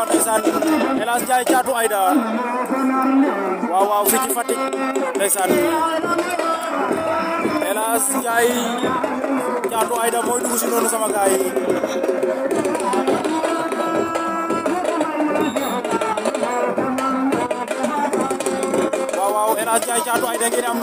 waaw ndeysaan Elhadj Ndiaye Thiatou wow wow waaw fii ci Fatick ndeysaan Elhadj Ndiaye Thiatou Aïda mooy sama kai, wow wow elas Elhadj Ndiaye Thiatou Aïda am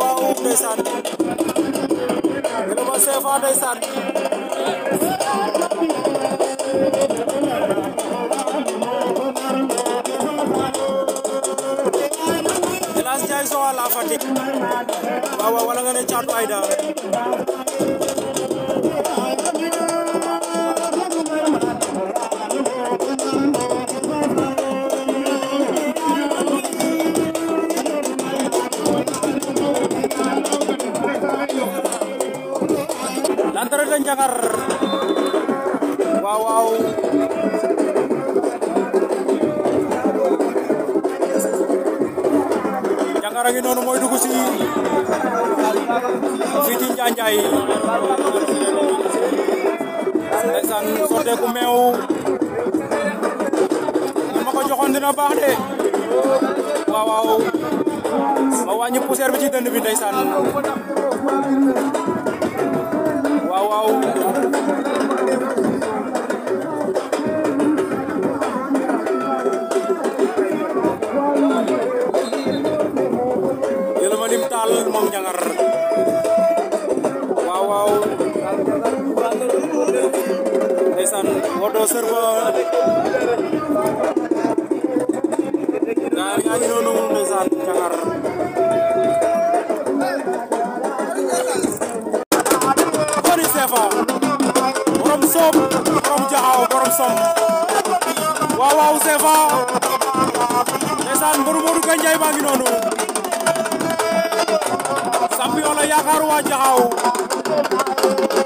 waa uum ndeysaan Dieuleuba CFA ndeysaan Djilass Ndiaye Joal la Fatick waaw waaw wala to ne Thiatou Aïda na njagar waaw waaw njagar a dugg si ci njaanjaay ndeysaan sotteeku meew ma ko joxoon dina baax de waaw waaw ma wàññi poussière bi ci Moto Serveur gaar yaa ngi noonu ndeysaan Cakar Koni Sefa borom soob borom jaxaw borom som waaw waaw Sefa ndeysaan mboru Modou Gandiaye ngi noonu champion la waa jaxaw